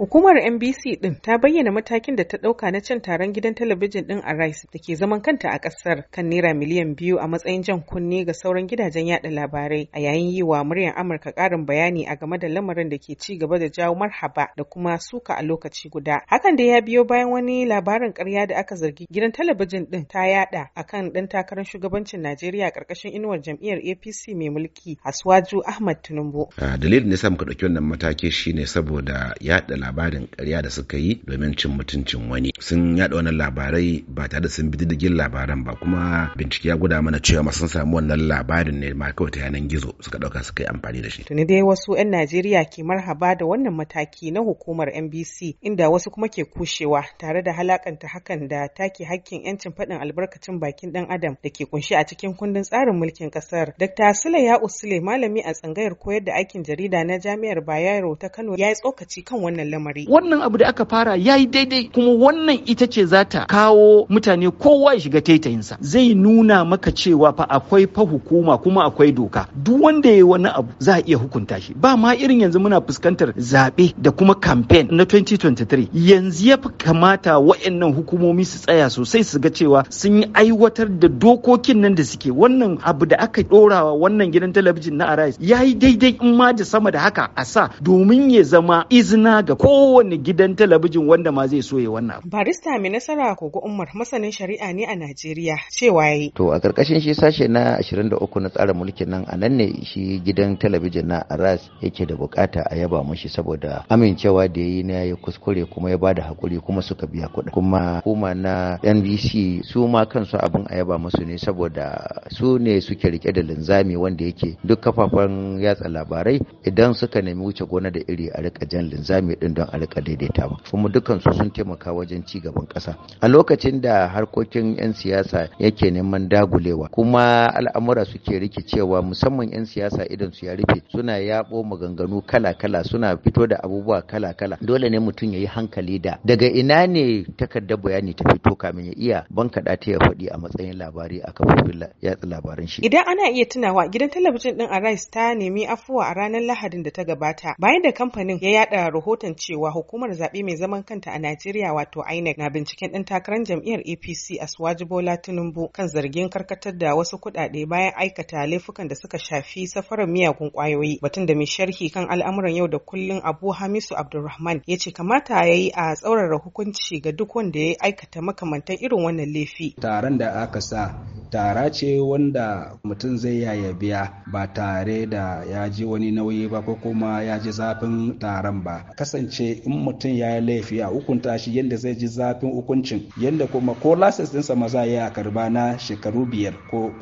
Hukumar NBC ɗin ta bayyana matakin da ta ɗauka na cin taron gidan talabijin ɗin a Rice da ke zaman kanta a ƙasar kan naira miliyan biyu a matsayin jan kunne ga sauran gidajen yada labarai a yayin yi wa muryar Amurka karin bayani a game da lamarin da ke ci gaba da jawo marhaba da kuma suka a lokaci guda. Hakan da ya biyo bayan wani labarin karya da aka zargi gidan talabijin ɗin ta yada akan dan takarar shugabancin Najeriya karkashin inuwar jam'iyyar APC mai mulki Aswaju Ahmad Tinubu. Ah, dalilin da ya sa muka ɗauki wannan mataki shine saboda yada labarin karya da suka yi domin cin mutuncin wani sun yaɗa wannan labarai ba tare da sun bi diddigin labaran ba kuma bincike ya gwada mana cewa masu samu wannan labarin ne ma kawai ta yanan gizo suka ɗauka suka yi amfani da shi tuni dai wasu 'yan najeriya ke marhaba da wannan mataki na hukumar nbc inda wasu kuma ke kushewa tare da halakanta hakan da take hakkin 'yancin faɗin albarkacin bakin ɗan adam da ke kunshi a cikin kundin tsarin mulkin ƙasar dr sule ya usule malami a tsangayar koyar da aikin jarida na jami'ar bayero ta kano ya yi tsokaci kan wannan lamarin marmari wannan abu da aka fara ya yi daidai kuma wannan ita ce za ta kawo mutane kowa ya shiga taitayinsa zai nuna maka cewa fa akwai fa hukuma kuma akwai doka duk wanda ya wani abu za a iya hukunta shi ba ma irin yanzu muna fuskantar zaɓe da kuma campaign na 2023 yanzu ya fi kamata wa'annan hukumomi su tsaya sosai su ga cewa sun yi aiwatar da dokokin nan da suke wannan abu da aka ɗorawa wannan gidan talabijin na arise ya yi daidai in ma da sama da haka a sa domin ya zama izina ga kowane gidan talabijin wanda ma zai so ya wannan abu. Barista mai nasara kogo Umar masanin shari'a ne a Najeriya cewa yayi. To a karkashin shi sashe na 23 na tsarin mulkin nan a nan ne shi gidan talabijin na Aras yake da bukata a yaba mushi saboda amincewa da yayi na ya kuskure kuma ya bada hakuri kuma suka biya kuɗi. Kuma kuma na NBC su ma kansu abin a yaba musu ne saboda su ne suke rike da linzami wanda yake duk kafafen yatsa labarai idan suka nemi wuce gona da iri a rika jan linzami din din don a rika daidaitawa kuma dukkan su sun taimaka wajen ci gaban ƙasa a lokacin da harkokin 'yan siyasa yake neman dagulewa kuma al'amura suke rikicewa musamman 'yan siyasa idan su ya rufe suna yabo maganganu kala-kala suna fito da abubuwa kala-kala dole ne mutum ya yi hankali da daga ina ne takardar bayani ta fito kamin ya iya kaɗa ta ya faɗi a matsayin labari a kafofin yatsa labaran shi idan ana iya tunawa gidan talabijin din Arise ta nemi afuwa a ranar Lahadin da ta gabata bayan da kamfanin ya yada rahoton cewa hukumar zaɓe mai zaman kanta a Najeriya wato INEC na binciken ɗin takarar jam'iyyar APC a Aswaji Bola Tinubu kan zargin karkatar da wasu kuɗaɗe bayan aikata laifukan da suka shafi safarar miyagun ƙwayoyi. Batun da mai sharhi kan al'amuran yau da kullun Abu Hamisu Abdulrahman ya ce kamata ya yi a tsaurara hukunci ga duk wanda ya aikata makamantan irin wannan laifi. Taron da aka sa tara ce wanda mutum zai yaya biya ba tare da ya ji wani nauyi ba ko kuma ya ji zafin taron ba kasance in mutum ya yi laifi a hukunta shi yadda zai ji zafin hukuncin yadda kuma ko lasis ɗinsa maza ya karba na shekaru biyar ko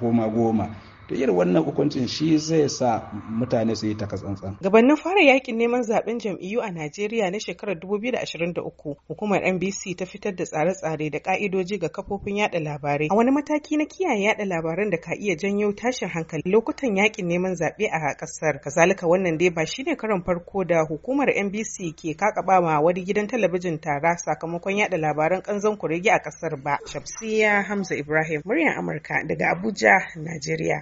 kuma goma to irin wannan hukuncin shi zai sa mutane su yi takatsantsan. gabanin fara yakin neman zaben jam'iyyu a najeriya na shekarar 2023 hukumar nbc ta fitar da tsare-tsare da ka'idoji ga kafofin yada labarai a wani mataki na kiyaye yada labaran da ka iya janyo tashin hankali lokutan yakin neman zaɓe a ƙasar kazalika wannan dai ba shine karon farko da hukumar nbc ke kakaba ma wani gidan talabijin tara sakamakon yada labaran kanzon kurege a ƙasar ba shamsiya hamza ibrahim muryar amurka daga abuja najeriya